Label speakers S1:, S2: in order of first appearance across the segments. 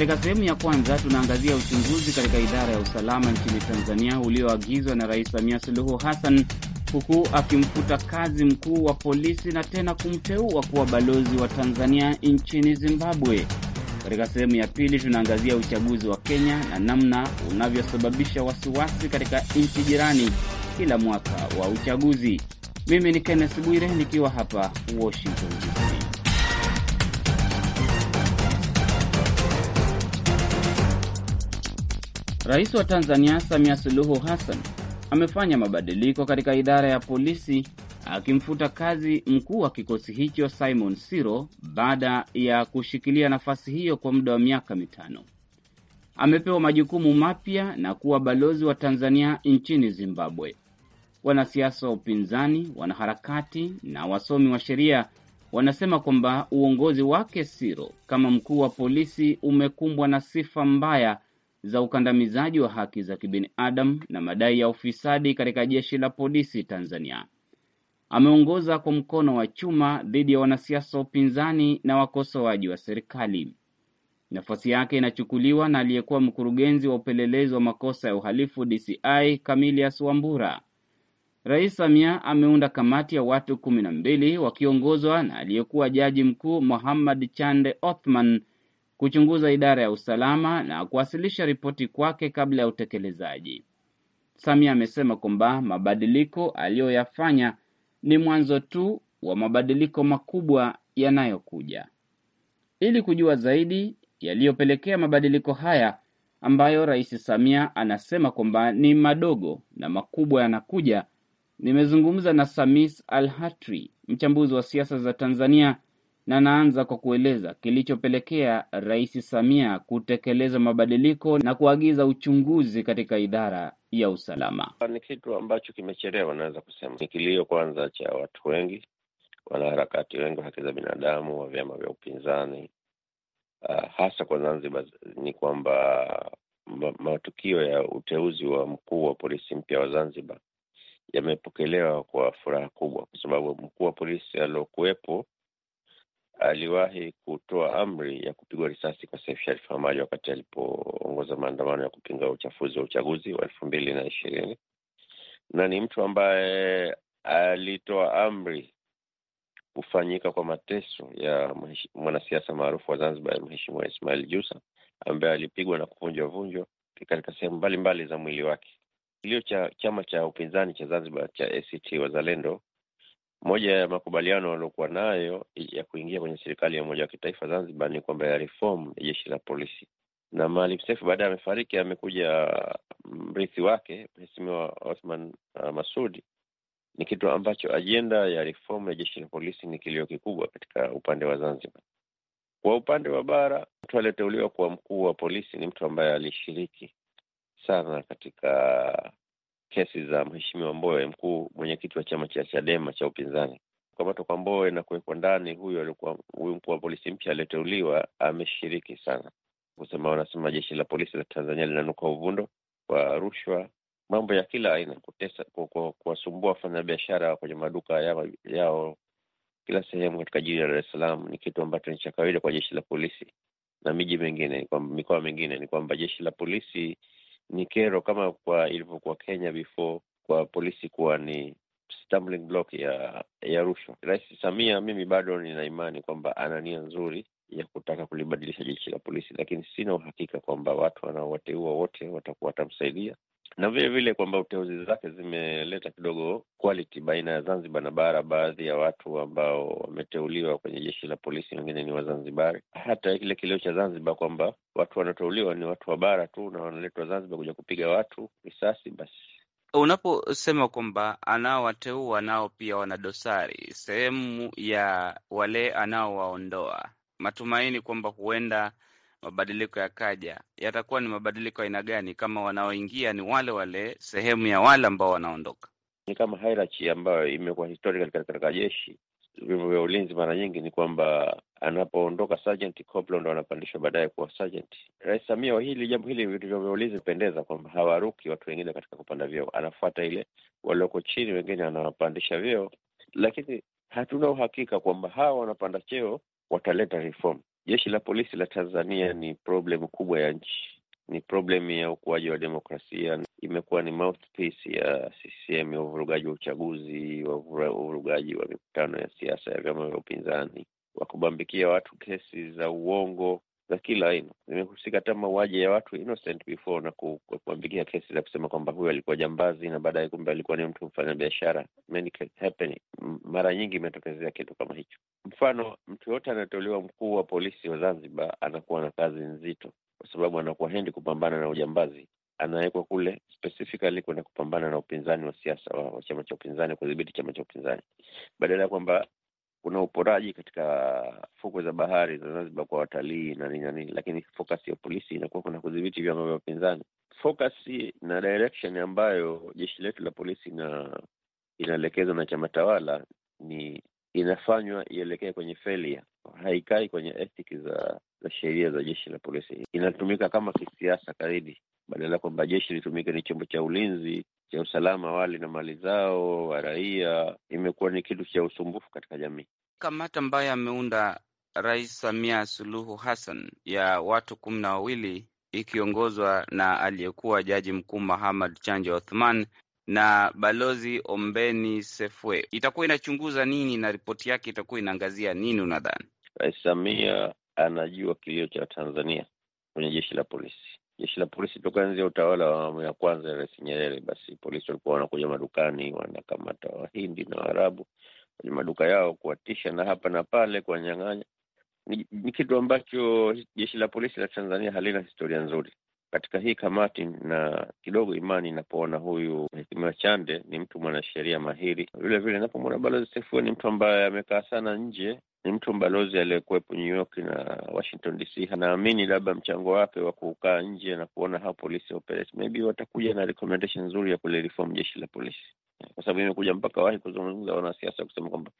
S1: Katika sehemu ya kwanza tunaangazia uchunguzi katika idara ya usalama nchini Tanzania ulioagizwa na Rais Samia Suluhu Hassan huku akimfuta kazi mkuu wa polisi na tena kumteua kuwa balozi wa Tanzania nchini Zimbabwe. Katika sehemu ya pili tunaangazia uchaguzi wa Kenya na namna unavyosababisha wasiwasi katika nchi jirani kila mwaka wa uchaguzi. Mimi ni Kenneth Bwire nikiwa hapa Washington DC. Rais wa Tanzania Samia Suluhu Hassan amefanya mabadiliko katika idara ya polisi akimfuta kazi mkuu wa kikosi hicho Simon Siro baada ya kushikilia nafasi hiyo kwa muda wa miaka mitano. Amepewa majukumu mapya na kuwa balozi wa Tanzania nchini Zimbabwe. Wanasiasa wa upinzani, wanaharakati na wasomi wa sheria wanasema kwamba uongozi wake Siro kama mkuu wa polisi umekumbwa na sifa mbaya za ukandamizaji wa haki za kibinadamu na madai ya ufisadi katika jeshi la polisi Tanzania. Ameongoza kwa mkono wa chuma dhidi ya wanasiasa wa upinzani na wakosoaji wa serikali. Nafasi yake inachukuliwa na aliyekuwa mkurugenzi wa upelelezi wa makosa ya uhalifu DCI Camillus Wambura. Rais Samia ameunda kamati ya watu kumi na mbili wakiongozwa na aliyekuwa jaji mkuu Muhammad Chande Othman kuchunguza idara ya usalama na kuwasilisha ripoti kwake kabla ya utekelezaji. Samia amesema kwamba mabadiliko aliyoyafanya ni mwanzo tu wa mabadiliko makubwa yanayokuja. Ili kujua zaidi yaliyopelekea mabadiliko haya ambayo Rais Samia anasema kwamba ni madogo na makubwa yanakuja, nimezungumza na Samis Al Hatri, mchambuzi wa siasa za Tanzania na naanza kwa kueleza kilichopelekea Rais Samia kutekeleza mabadiliko na kuagiza uchunguzi katika idara ya usalama.
S2: Ni kitu ambacho kimechelewa, naweza kusema ni kilio kwanza cha watu wengi, wanaharakati wengi wa haki za binadamu, wa vyama vya upinzani. Uh, hasa kwa Zanzibar ni kwamba matukio ya uteuzi wa mkuu wa polisi mpya wa Zanzibar yamepokelewa kwa furaha kubwa, kwa sababu mkuu wa polisi aliokuwepo aliwahi kutoa amri ya kupigwa risasi kwa Saif Sharif Hamad wakati alipoongoza maandamano ya kupinga uchafuzi wa uchaguzi wa elfu mbili na ishirini na ni mtu ambaye alitoa amri kufanyika kwa mateso ya mwanasiasa maarufu wa Zanzibar, Mheshimiwa Ismail Jusa, ambaye alipigwa na kuvunjwa vunjwa katika sehemu mbalimbali za mwili wake. Kilio cha chama cha upinzani cha Zanzibar cha ACT Wazalendo moja ya makubaliano waliokuwa nayo ya kuingia kwenye serikali ya umoja wa kitaifa Zanzibar ni kwamba ya reform ya jeshi la polisi, na Maalim Seif baadaye amefariki, amekuja mrithi wake Mheshimiwa Othman uh, Masudi. Ni kitu ambacho ajenda ya reform ya jeshi la polisi ni kilio kikubwa katika upande wa Zanzibar. Kwa upande wa bara, mtu aliyeteuliwa kuwa mkuu wa polisi ni mtu ambaye alishiriki sana katika kesi za mheshimiwa mboe mkuu mwenyekiti wa chama cha Chadema cha upinzani kukamatwa kwa mboe na kuwekwa ndani. Huyu alikuwa huyu mkuu wa polisi mpya aliyeteuliwa ameshiriki sana kusema, wanasema jeshi la polisi la Tanzania linanuka uvundo kwa rushwa, mambo ya kila aina, kutesa, kuwasumbua wafanyabiashara kwenye maduka yao, yao kila sehemu katika jiji la Dar es Salaam ni kitu ambacho ni cha kawaida kwa jeshi la polisi na miji mingine, mikoa mingine, ni kwamba jeshi la polisi ni kero kama kwa ilivyokuwa Kenya before kwa polisi kuwa ni stumbling block ya ya rushwa. Rais Samia, mimi bado nina imani kwamba ana nia nzuri ya kutaka kulibadilisha jeshi la polisi, lakini sina uhakika kwamba watu wanaowateua wote watakuwa watamsaidia na vile vile kwamba uteuzi zake zimeleta kidogo quality baina ya Zanzibar na bara. Baadhi ya watu ambao wameteuliwa kwenye jeshi la polisi wengine ni Wazanzibari. Hata kile kilio cha Zanzibar kwamba watu wanaoteuliwa ni watu wa bara tu na wanaletwa Zanzibar kuja kupiga watu risasi, basi
S1: unaposema kwamba anaowateua nao pia wana dosari, sehemu ya wale anaowaondoa, matumaini kwamba huenda mabadiliko yakaja, yatakuwa ni mabadiliko aina gani kama wanaoingia ni wale wale
S2: sehemu ya wale ambao wanaondoka? Ni kama hierarchy ambayo imekuwa historia katika jeshi, vyombo vya ulinzi. Mara nyingi ni kwamba anapoondoka sergeant, koplo ndo anapandishwa baadaye kuwa sergeant. Rais Samia, hili jambo hili, vitu vya ulinzi pendeza kwamba hawaruki watu wengine katika kupanda vyeo, anafuata ile walioko chini, wengine anawapandisha vyeo, lakini hatuna uhakika kwamba hawa wanapanda cheo wataleta reform. Jeshi la polisi la Tanzania ni problemu kubwa ya nchi, ni problemu ya ukuaji wa demokrasia. Imekuwa ni mouthpiece ya CCM ya uvurugaji wa uchaguzi, wa uvurugaji wa mikutano ya siasa ya vyama vya upinzani, wa kubambikia watu kesi za uongo za kila aina zimehusika hata mauaji ya watu innocent before na kuambikia kesi za kusema kwamba huyu alikuwa jambazi na baadaye kumbe alikuwa ni mtu mfanya biashara. Mara nyingi imetokezea kitu kama hicho. Mfano, mtu yoyote anatolewa mkuu wa polisi wa Zanzibar anakuwa na kazi nzito, kwa sababu anakuwa hendi kupambana na ujambazi, anawekwa kule specifically kwenda kupambana na upinzani wa siasa wa, wa chama cha upinzani, kudhibiti chama cha upinzani, badala ya kwamba kuna uporaji katika fukwe za bahari za Zanzibar kwa watalii na nini na nini, lakini focus ya polisi inakuwa kuna kudhibiti vyama vya upinzani. Focus na direction ambayo jeshi letu la polisi na inaelekezwa na chama tawala ni inafanywa ielekee kwenye failure, haikai kwenye ethics za za sheria za jeshi la polisi, inatumika kama kisiasa kaidi, badala ya kwamba jeshi litumike ni chombo cha ulinzi cha usalama wali na mali zao wa raia imekuwa ni kitu cha usumbufu katika jamii.
S1: Kamati ambayo ameunda Rais Samia Suluhu Hassan ya watu kumi na wawili ikiongozwa na aliyekuwa jaji mkuu Mahamad Chanja Othman na balozi Ombeni Sefue itakuwa inachunguza nini na ripoti yake itakuwa inaangazia nini? Unadhani
S2: Rais Samia anajua kilio cha Tanzania kwenye jeshi la polisi? jeshi la polisi toka enzi ya utawala wa awamu ya kwanza ya Rais Nyerere, basi polisi walikuwa wanakuja madukani wanakamata Wahindi na Waarabu kwenye maduka yao kuwatisha na hapa na pale kuwanyang'anya. Ni, ni kitu ambacho jeshi la polisi la Tanzania halina historia nzuri katika hii kamati, na kidogo imani inapoona huyu Mheshimiwa Chande ni mtu mwanasheria mahiri, vile vile Balozi Sefue ni mtu ambaye amekaa sana nje ni mtu mbalozi aliyekuwepo New York na Washington DC, anaamini labda mchango wake wa kukaa nje na kuona how polisi operate, maybe watakuja na recommendation nzuri ya kulireform jeshi la polisi, kwa sababu imekuja mpaka wahi kuzungumza wanasiasa kusema kwamba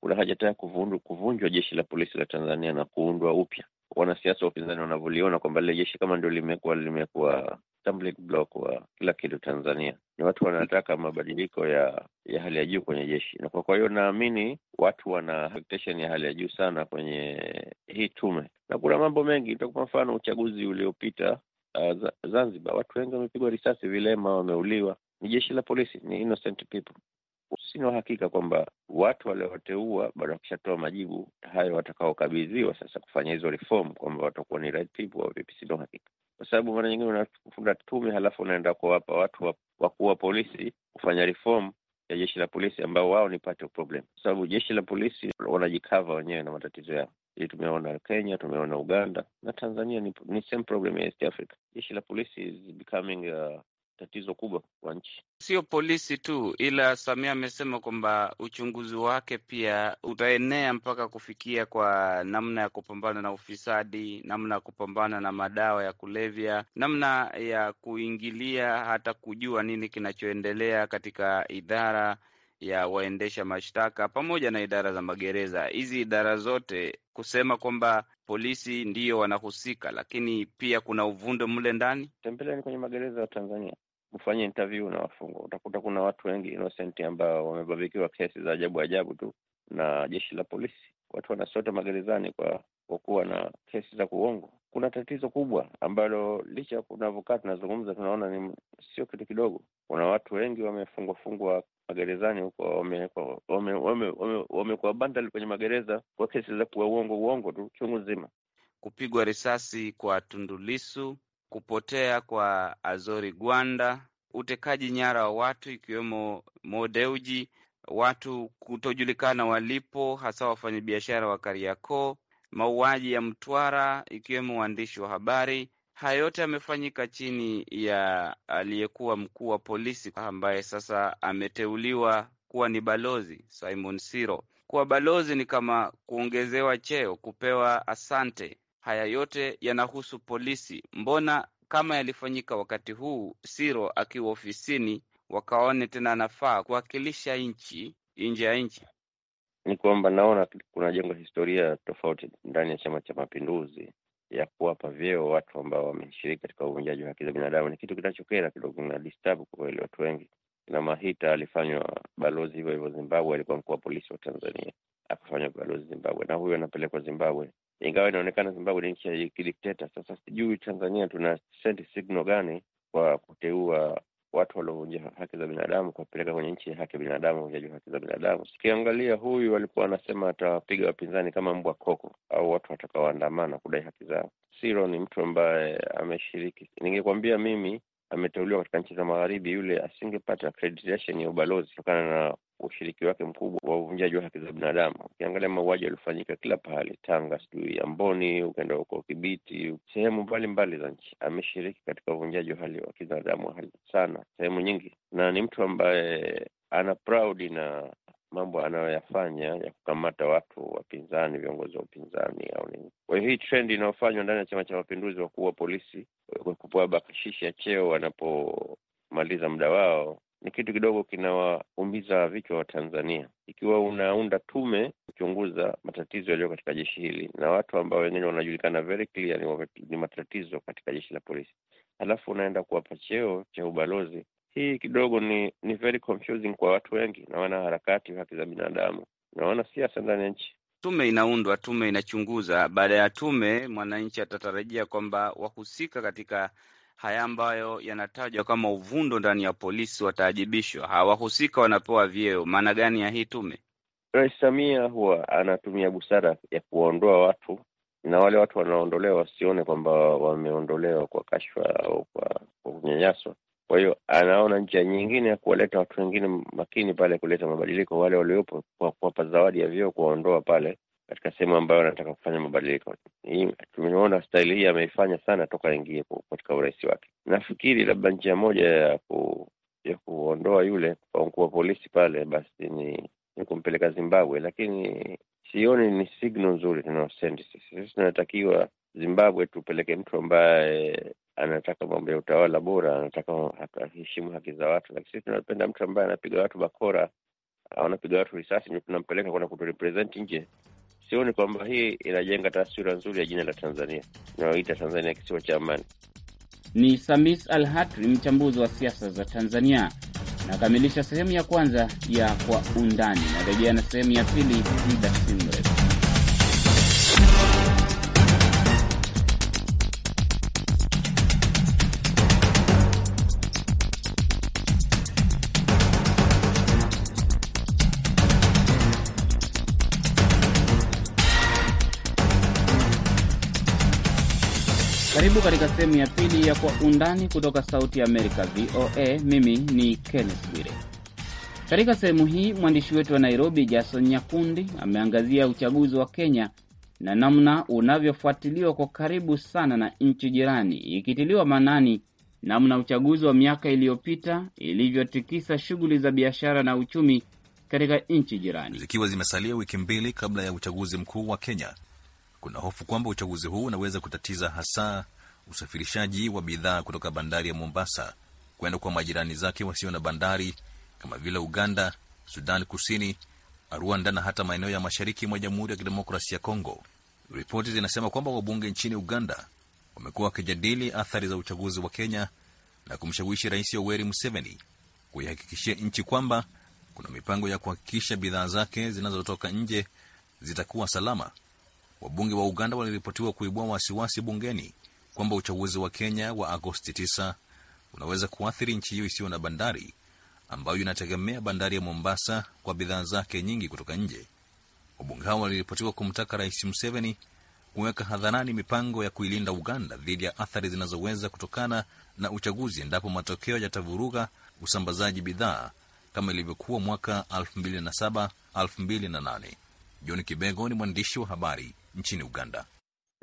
S2: kuna haja taya kuvunjwa jeshi la polisi la Tanzania na kuundwa upya. Wanasiasa wa upinzani wanavyoliona kwamba lile jeshi kama ndio limekuwa limekuwa stumbling block wa kila kitu Tanzania. Ni watu wanataka mabadiliko ya ya hali ya juu kwenye jeshi, na kwa hiyo naamini watu wana expectation ya hali ya juu sana kwenye hii tume, na kuna mambo mengi. Kwa mfano uchaguzi uliopita uh, Zanzibar, watu wengi wamepigwa risasi, vilema wameuliwa, ni jeshi la polisi, ni innocent people. Sina uhakika kwamba watu waliowateua baada ya kushatoa majibu hayo watakaokabidhiwa sasa kufanya hizo reform kwamba watakuwa ni right people au vipi, sina uhakika kwa sababu mara nyingine tume halafu unaenda kuwapa watu wakuu wa polisi kufanya reform ya jeshi la polisi ambao wao ni part of problem, kwa sababu jeshi la polisi wanajikava wenyewe na matatizo yao. Ili tumeona Kenya, tumeona Uganda na Tanzania ni, ni same problem ya East Africa. Jeshi la polisi is becoming a uh, tatizo kubwa kwa nchi,
S1: sio polisi tu. Ila Samia amesema kwamba uchunguzi wake pia utaenea mpaka kufikia kwa namna ya kupambana na ufisadi, namna ya kupambana na madawa ya kulevya, namna ya kuingilia hata kujua nini kinachoendelea katika idara ya waendesha mashtaka pamoja na idara za magereza. Hizi idara zote kusema kwamba polisi ndiyo wanahusika, lakini pia kuna uvundo mle ndani.
S2: Tembeleni kwenye magereza ya Tanzania, kufanya interview na wafungwa, utakuta kuna watu wengi innocent ambao wamebabikiwa kesi za ajabu ajabu tu na jeshi la polisi. Watu wanasota magerezani kwa kwa kuwa na kesi za kuongo. Kuna tatizo kubwa ambalo licha kunavokaa tunazungumza, tunaona ni sio kitu kidogo. Kuna watu wengi wamefungwa fungwa magerezani huko, wamekuwa wame, wame, wame, wame bandali kwenye magereza kwa kesi za kuwa uongo uongo tu chungu nzima.
S1: Kupigwa risasi kwa Tundulisu kupotea kwa Azori Gwanda, utekaji nyara wa watu ikiwemo Modeuji, watu kutojulikana walipo, hasa wafanyabiashara wa Kariakoo, mauaji ya Mtwara ikiwemo waandishi wa habari. Haya yote yamefanyika chini ya aliyekuwa mkuu wa polisi ambaye sasa ameteuliwa kuwa ni balozi Simon Siro. Kuwa balozi ni kama kuongezewa cheo, kupewa asante. Haya yote yanahusu polisi. Mbona kama yalifanyika wakati huu Siro akiwa ofisini, wakaone tena anafaa kuwakilisha nchi
S2: nje ya nchi? Ni kwamba naona kunajengwa historia tofauti ndani ya Chama cha Mapinduzi ya kuwapa vyeo watu ambao wameshiriki katika uvunjaji wa haki za binadamu. Ni kitu kinachokera kidogo, na disturb kwa kweli watu wengi. Na Mahita alifanywa balozi hivyo hivyo Zimbabwe, alikuwa mkuu wa polisi wa Tanzania akafanywa balozi Zimbabwe, na huyo anapelekwa Zimbabwe ingawa inaonekana Zimbabwe ni nchi ya kidikteta. Sasa sijui Tanzania tuna sendi signal gani kwa kuteua watu waliovunja haki za binadamu kuwapeleka kwenye nchi ya haki ya binadamu, uvunjaji wa haki za binadamu. Ukiangalia huyu alikuwa anasema atawapiga wapinzani kama mbwa koko, au watu watakaoandamana kudai haki zao. Siro ni mtu ambaye ameshiriki. Ningekwambia mimi ameteuliwa katika nchi za magharibi, yule asingepata accreditation ya ubalozi kutokana na ushiriki wake mkubwa wa uvunjaji wa haki za binadamu. Ukiangalia mauaji yaliyofanyika kila pahali, Tanga, sijui Amboni, ukaenda huko Kibiti, sehemu mbalimbali za nchi, ameshiriki katika uvunjaji wa hali wa kibinadamu sana, sehemu nyingi, na ni mtu ambaye ana proud na mambo anayoyafanya ya kukamata watu wapinzani, viongozi wa upinzani au nini. Kwa hiyo hii trend inayofanywa ndani ya Chama cha Mapinduzi, wakuu wa polisi kupewa bakashishi ya cheo wanapomaliza muda wao ni kitu kidogo kinawaumiza vichwa wa Tanzania. Ikiwa unaunda tume kuchunguza matatizo yaliyo katika jeshi hili na watu ambao wengine wanajulikana very clear ni matatizo katika jeshi la polisi, alafu unaenda kuwapa cheo cha ubalozi hii kidogo ni ni very confusing kwa watu wengi na wanaharakati wa haki za binadamu na wanasiasa ndani ya nchi. Tume inaundwa, tume inachunguza. Baada ya
S1: tume, mwananchi atatarajia kwamba wahusika katika haya ambayo yanatajwa kama uvundo ndani ya polisi wataajibishwa. Hawahusika wanapewa vyeo. Maana gani ya hii
S2: tume? Rais Samia huwa anatumia busara ya kuwaondoa watu na wale watu wanaondolewa wasione kwamba wameondolewa kwa kashfa au kwa kunyanyaswa. Kwa hiyo anaona njia nyingine ya kuwaleta watu wengine makini pale, kuleta mabadiliko, wale waliopo, kwa kuwapa zawadi ya vyoo, kuwaondoa pale katika sehemu ambayo anataka kufanya mabadiliko. Tumeona staili hii ameifanya sana toka aingie katika urais wake. Nafikiri labda njia moja ya ku, ya kuondoa yule kwa mkuu wa polisi pale basi ni, ni kumpeleka Zimbabwe, lakini sioni ni signal nzuri tunaosendi sisi. Sisi tunatakiwa Zimbabwe tupeleke mtu ambaye anataka mambo ya utawala bora, anataka aheshimu haki za watu, lakini sisi tunapenda mtu ambaye anapiga watu bakora, anapiga watu risasi, tunampeleka kwenda kuturepresent nje. Sioni kwamba hii inajenga taswira nzuri ya jina la Tanzania inayoita Tanzania kisiwa cha amani.
S1: Ni Samis Al Hatri, mchambuzi wa siasa za Tanzania. Nakamilisha sehemu ya kwanza ya Kwa Undani, narejea na sehemu ya pili muda si mrefu. Karibu katika sehemu ya pili ya Kwa Undani kutoka Sauti Amerika, VOA. Mimi ni Kenneth Bwire. Katika sehemu hii mwandishi wetu wa Nairobi, Jason Nyakundi, ameangazia uchaguzi wa Kenya na namna unavyofuatiliwa kwa karibu sana na nchi jirani, ikitiliwa maanani namna uchaguzi wa miaka iliyopita ilivyotikisa shughuli za biashara na uchumi katika nchi
S3: jirani. Zikiwa zimesalia wiki mbili kabla ya uchaguzi mkuu wa Kenya, kuna hofu kwamba uchaguzi huu unaweza kutatiza hasa usafirishaji wa bidhaa kutoka bandari ya Mombasa kwenda kwa majirani zake wasio na bandari kama vile Uganda, Sudan Kusini, Rwanda na hata maeneo ya mashariki mwa Jamhuri ya Kidemokrasia ya Kongo. Ripoti zinasema kwamba wabunge nchini Uganda wamekuwa wakijadili athari za uchaguzi wa Kenya na kumshawishi Rais Yoweri Museveni kuihakikishia nchi kwamba kuna mipango ya kuhakikisha bidhaa zake zinazotoka nje zitakuwa salama. Wabunge wa Uganda waliripotiwa kuibua wasiwasi bungeni kwamba uchaguzi wa Kenya wa Agosti 9 unaweza kuathiri nchi hiyo isiyo na bandari ambayo inategemea bandari ya Mombasa kwa bidhaa zake nyingi kutoka nje. Wabunge hao waliripotiwa kumtaka Rais Museveni kuweka hadharani mipango ya kuilinda Uganda dhidi ya athari zinazoweza kutokana na uchaguzi endapo matokeo yatavuruga usambazaji bidhaa kama ilivyokuwa mwaka 2007 2008. John Kibego ni mwandishi wa habari nchini Uganda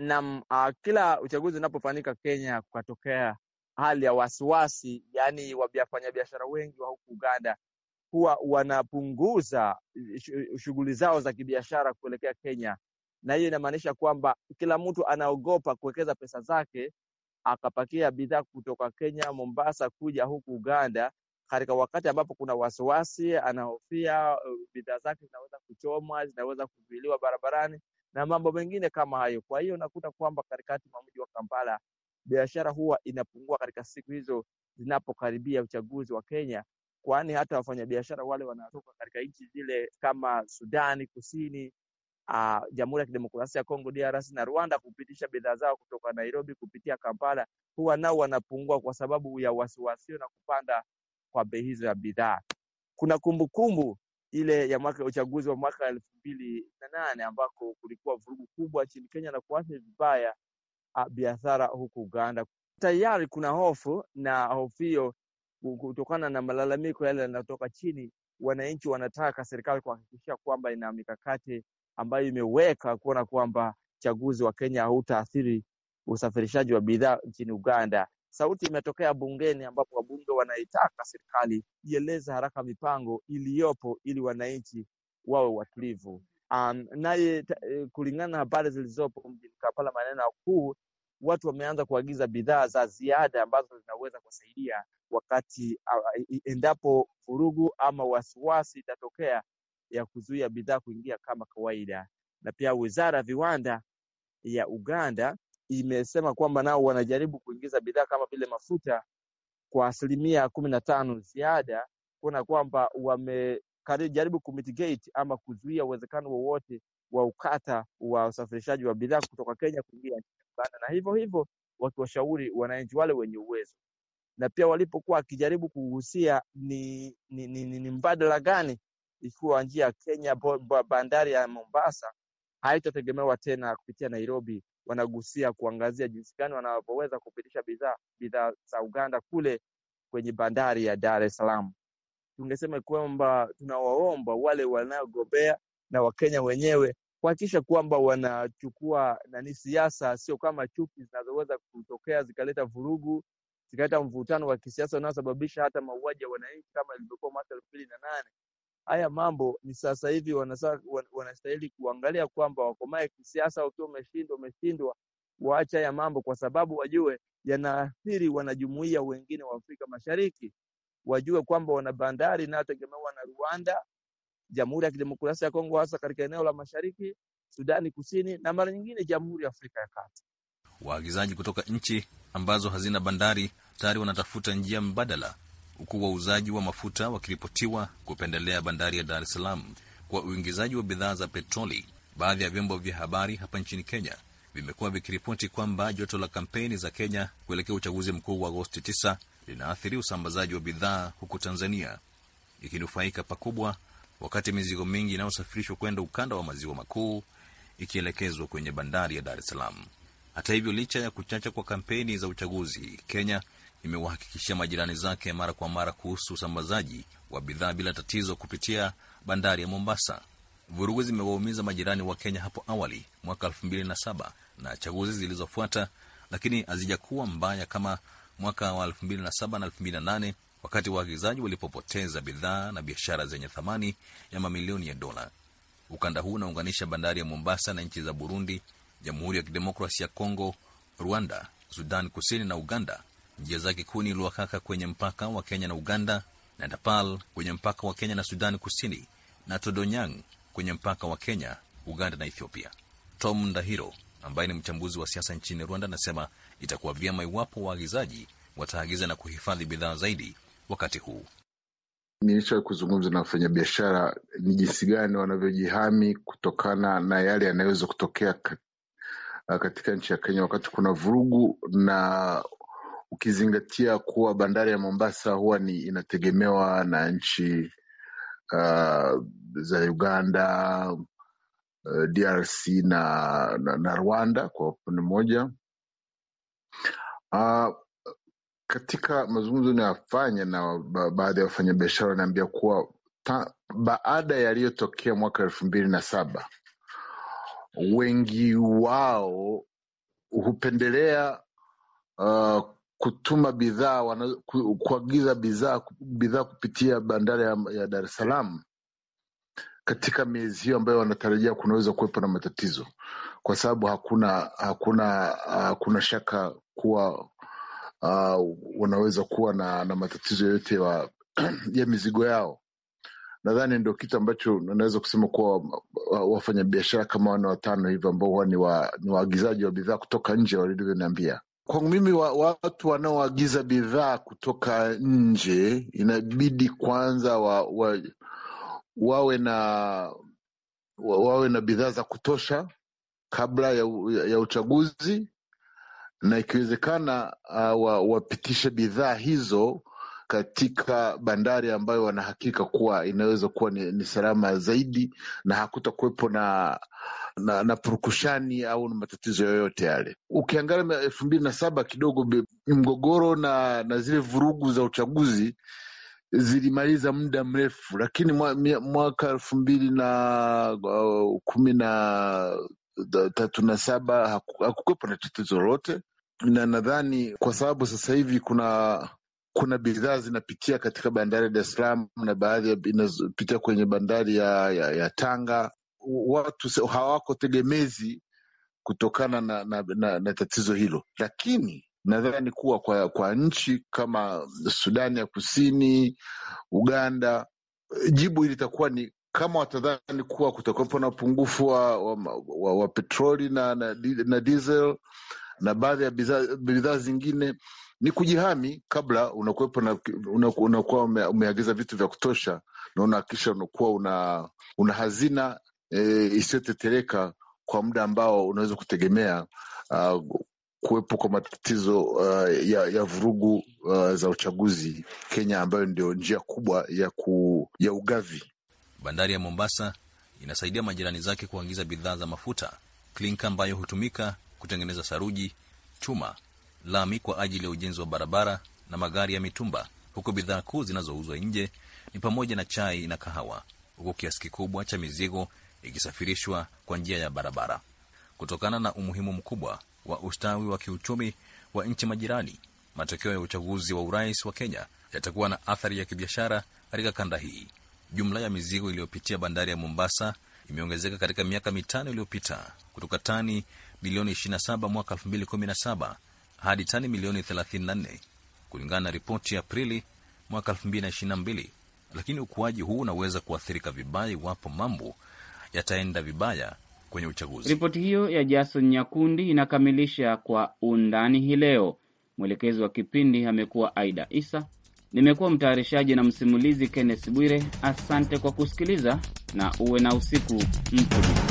S4: na uh, kila uchaguzi unapofanyika Kenya kukatokea hali ya wasiwasi, yaani wafanyabiashara wengi wa huku Uganda huwa wanapunguza eh, eh, shughuli zao za kibiashara kuelekea Kenya, na hiyo inamaanisha kwamba kila mtu anaogopa kuwekeza pesa zake akapakia bidhaa kutoka Kenya Mombasa kuja huku Uganda katika wakati ambapo kuna wasiwasi, anahofia eh, bidhaa zake zinaweza kuchomwa, zinaweza kuzuiliwa barabarani na mambo mengine kama hayo. Kwa hiyo unakuta kwamba katikati mwa mji wa Kampala biashara huwa inapungua katika siku hizo zinapokaribia uchaguzi wa Kenya, kwani hata wafanyabiashara wale wanatoka katika nchi zile kama Sudani Kusini, uh, Jamhuri ya Kidemokrasia ya Kongo DRC na Rwanda kupitisha bidhaa zao kutoka Nairobi kupitia Kampala, huwa nao wanapungua kwa sababu ya wasiwasi na kupanda kwa bei hizo ya bidhaa. Kuna kumbukumbu ile ya mwaka uchaguzi wa mwaka elfu mbili na nane ambako kulikuwa vurugu kubwa nchini Kenya na kuathiri vibaya ah, biashara huku Uganda. Tayari kuna hofu na hofu hiyo kutokana na malalamiko yale yanayotoka chini. Wananchi wanataka serikali kuhakikisha kwamba ina mikakati ambayo imeweka kuona kwamba uchaguzi wa Kenya hautaathiri usafirishaji wa bidhaa nchini Uganda. Sauti imetokea bungeni ambapo wabunge wanaitaka serikali ieleze haraka mipango iliyopo ili wananchi wawe watulivu. Um, naye e, kulingana na habari zilizopo mjini Kampala, maneno kuu, watu wameanza kuagiza bidhaa za ziada ambazo zinaweza kusaidia wakati uh, endapo vurugu ama wasiwasi itatokea ya kuzuia bidhaa kuingia kama kawaida. Na pia wizara ya viwanda ya Uganda imesema kwamba nao wanajaribu kuingiza bidhaa kama vile mafuta kwa asilimia kumi na tano ziada kuona kwamba wamejaribu kumitigate ama kuzuia uwezekano wowote wa ukata wa usafirishaji wa bidhaa kutoka Kenya kuingia nchini Uganda, na hivyo hivyo wakiwashauri wananchi wale wenye uwezo. Na pia walipokuwa akijaribu kuhusia ni, ni, ni, ni, ni mbadala gani ikiwa njia ya Kenya bandari ya Mombasa haitategemewa tena kupitia Nairobi wanagusia kuangazia jinsi gani wanavyoweza kupitisha bidhaa bidhaa za Uganda kule kwenye bandari ya Dar es Salaam. Tungesema kwamba tunawaomba wale wanaogombea na Wakenya wenyewe kuhakikisha kwamba wanachukua nani siasa, sio kama chuki zinazoweza kutokea zikaleta vurugu zikaleta mvutano wa kisiasa unaosababisha hata mauaji ya wananchi kama ilivyokuwa mwaka elfu mbili na nane haya mambo ni sasa hivi wanastahili kuangalia kwamba wakomae kisiasa. Ukiwa umeshindwa umeshindwa, waache haya mambo, kwa sababu wajue yanaathiri wanajumuia wengine wa Afrika Mashariki. Wajue kwamba wana bandari inayotegemewa na Rwanda, Jamhuri ya Kidemokrasia ya Kongo, hasa katika eneo la mashariki, Sudani Kusini na mara nyingine Jamhuri ya Afrika ya Kati.
S3: Waagizaji kutoka nchi ambazo hazina bandari tayari wanatafuta njia mbadala huku wauzaji wa mafuta wakiripotiwa kupendelea bandari ya Dar es Salaam kwa uingizaji wa bidhaa za petroli. Baadhi ya vyombo vya habari hapa nchini Kenya vimekuwa vikiripoti kwamba joto la kampeni za Kenya kuelekea uchaguzi mkuu wa Agosti 9 linaathiri usambazaji wa bidhaa, huku Tanzania ikinufaika pakubwa, wakati mizigo mingi inayosafirishwa kwenda ukanda wa maziwa makuu ikielekezwa kwenye bandari ya Dar es Salaam. Hata hivyo, licha ya kuchacha kwa kampeni za uchaguzi, Kenya imewahakikishia majirani zake mara kwa mara kuhusu usambazaji wa bidhaa bila tatizo kupitia bandari ya Mombasa. Vurugu zimewaumiza majirani wa Kenya hapo awali mwaka 27 na chaguzi zilizofuata, lakini hazijakuwa mbaya kama mwaka wa elfu na wakati waagizaji walipopoteza bidhaa na biashara zenye thamani ya mamilioni ya dola. Ukanda huu unaunganisha bandari ya Mombasa na nchi za Burundi, Jamhuri ya Kidemokrasi ya Kongo, Rwanda, Sudan Kusini na Uganda, njia zake kuu ni Luakaka kwenye mpaka wa Kenya na Uganda, na Dapal kwenye mpaka wa Kenya na Sudani Kusini, na Todonyang kwenye mpaka wa Kenya, Uganda na Ethiopia. Tom Ndahiro ambaye ni mchambuzi wa siasa nchini Rwanda anasema itakuwa vyema iwapo waagizaji wataagiza na kuhifadhi bidhaa zaidi wakati huu.
S5: Nilishawahi kuzungumza na wafanyabiashara ni jinsi gani wanavyojihami kutokana na yale yanayoweza kutokea katika nchi ya Kenya wakati kuna vurugu na ukizingatia kuwa bandari ya Mombasa huwa ni inategemewa na nchi uh, za Uganda, uh, DRC na, na, na Rwanda kwa upande mmoja. Uh, katika mazungumzo inayofanya na baadhi ya wafanyabiashara wanaambia kuwa baada yaliyotokea mwaka elfu mbili na saba wengi wao hupendelea uh, kutuma bidhaa ku, kuagiza bidhaa bidhaa kupitia bandari ya, ya Dar es Salaam katika miezi hiyo ambayo wanatarajia kunaweza kuwepo na matatizo, kwa sababu hakuna hakuna hakuna ah, shaka kuwa uh, wanaweza kuwa na, na matatizo yoyote ya mizigo yao. Nadhani ndio kitu ambacho naweza kusema kuwa wafanyabiashara kama wane watano hivyo ambao huwa ni waagizaji wa, wa bidhaa kutoka nje walivyoniambia Kwangu mimi wa, watu wanaoagiza bidhaa kutoka nje inabidi kwanza wa, wa, wawe na wa, wawe na bidhaa za kutosha kabla ya, ya uchaguzi na ikiwezekana uh, wapitishe bidhaa hizo katika bandari ambayo wanahakika kuwa inaweza kuwa ni, ni salama zaidi na hakutakuwepo na, na na purukushani au na matatizo yoyote yale. Ukiangalia elfu mbili na saba kidogo mgogoro na, na zile vurugu za uchaguzi zilimaliza muda mrefu, lakini mwaka elfu mbili na uh, kumi na tatu na saba hakukuwepo na tatizo lolote, na nadhani kwa sababu sasa hivi kuna kuna bidhaa zinapitia katika bandari ya Dar es Salaam na baadhi inapitia kwenye bandari ya, ya, ya Tanga. Watu hawako tegemezi kutokana na, na, na, na tatizo hilo, lakini nadhani kuwa kwa, kwa nchi kama Sudani ya Kusini, Uganda, jibu litakuwa ni kama watadhani kuwa kutakuwepo na upungufu wa, wa, wa, wa petroli na, na, na diesel na baadhi ya bidhaa zingine ni kujihami kabla unakuwepo na unakuwa ume, umeagiza vitu vya kutosha na unahakikisha unakuwa una, una hazina e, isiyotetereka kwa muda ambao unaweza kutegemea uh, kuwepo kwa matatizo uh, ya, ya vurugu uh, za uchaguzi Kenya, ambayo ndio njia kubwa ya, ku, ya ugavi.
S3: Bandari ya Mombasa inasaidia majirani zake kuagiza bidhaa za mafuta klinka ambayo hutumika kutengeneza saruji, chuma lami kwa ajili ya ujenzi wa barabara na magari ya mitumba, huku bidhaa kuu zinazouzwa nje ni pamoja na chai na kahawa, huku kiasi kikubwa cha mizigo ikisafirishwa kwa njia ya barabara. Kutokana na umuhimu mkubwa wa ustawi wa kiuchumi wa nchi majirani, matokeo ya uchaguzi wa urais wa Kenya yatakuwa na athari ya kibiashara katika kanda hii. Jumla ya mizigo iliyopitia bandari ya Mombasa imeongezeka katika miaka mitano iliyopita kutoka tani bilioni 27 mwaka hadi tani milioni 34 kulingana na ripoti ya Aprili mwaka 2022, lakini ukuaji huu unaweza kuathirika vibaya iwapo mambo yataenda vibaya kwenye uchaguzi. Ripoti
S1: hiyo ya Jason Nyakundi inakamilisha kwa undani hii leo. Mwelekezi wa kipindi amekuwa Aida Isa. Nimekuwa mtayarishaji na msimulizi Kenneth Bwire. Asante kwa kusikiliza na uwe na usiku mtulivu.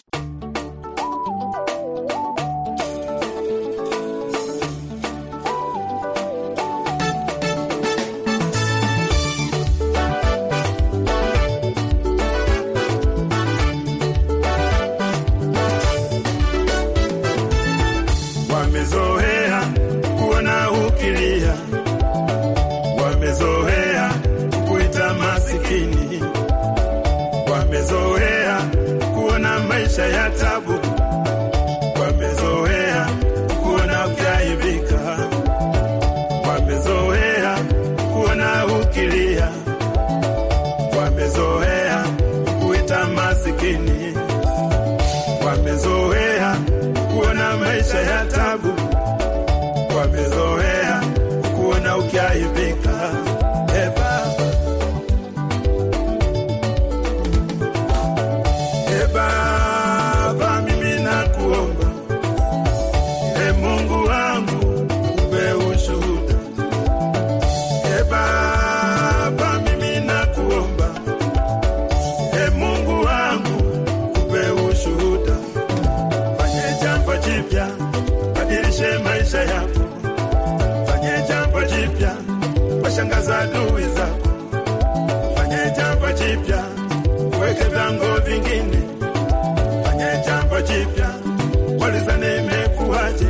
S6: adui zako, fanye jambo jipya, weke vyango vingine, fanye jambo jipya, walizane imekuwaje?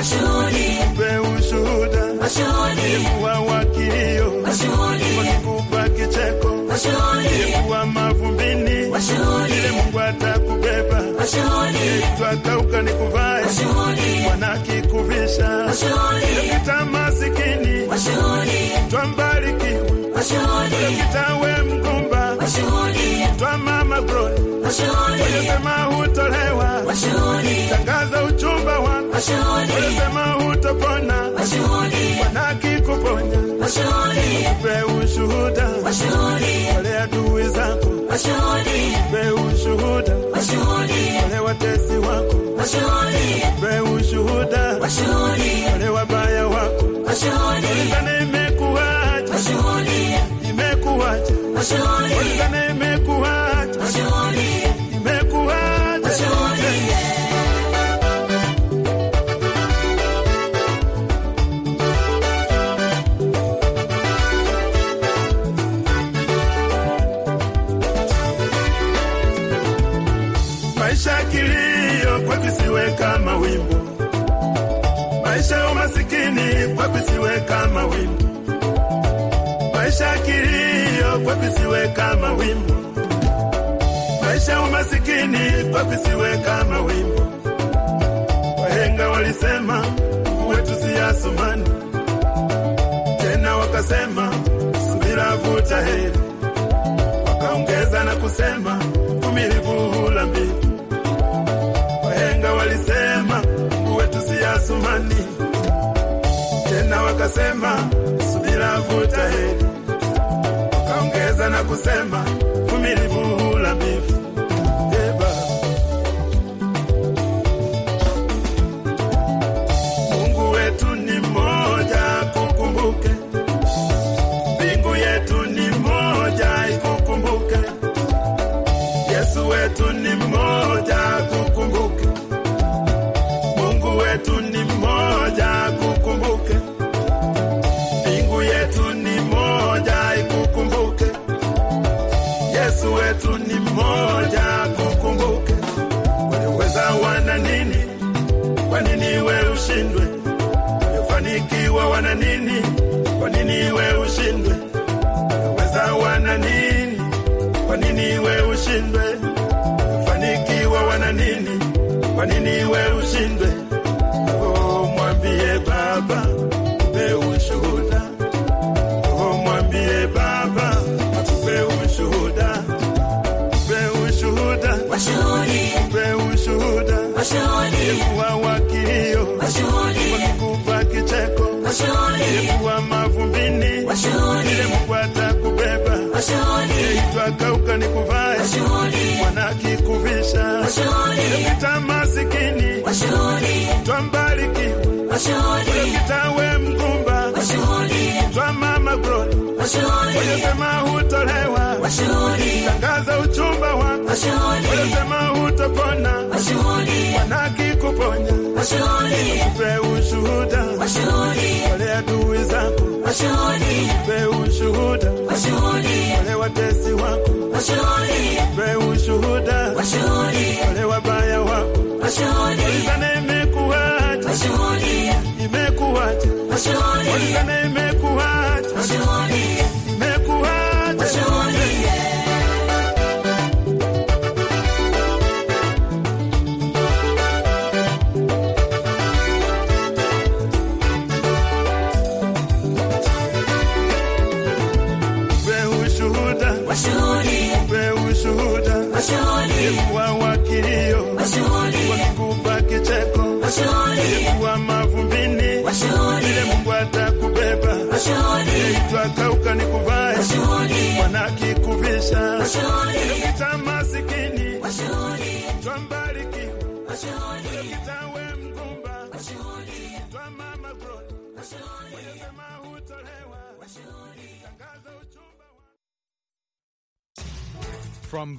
S6: ushuhuda, ushuhuda, Nataka nikuvae mwanaki kita masikini twambariki kita we mgumba twa mama bro walisema hutolewa tangaza uchumba wako walisema hutopona mwanaki kuponya upe ushuhuda ole adui zako wale watesi wako, ole ushuhuda, ole wabaya wako, ulizane imekuwaje, imekuwaje, ulizane imekuwaje akasema subira vuta heri, kaongeza na kusema ushindwe? Fanikiwa wana nini? Kwa nini we ushindwe? Oh, mwambie Baba maisha, uliopita masikini, twambariki, uliopita we mgumba, twa mama bro, uliosema hutolewa, tangaza uchumba wako, uliosema hutopona, wanakikuponya Tupe ushuhuda wale adui zako, tupe ushuhuda wale watesi wako, tupe ushuhuda wale wabaya wako. Ulizana imekuwaje? Imekuwaje? Ulizana imekuwaje? From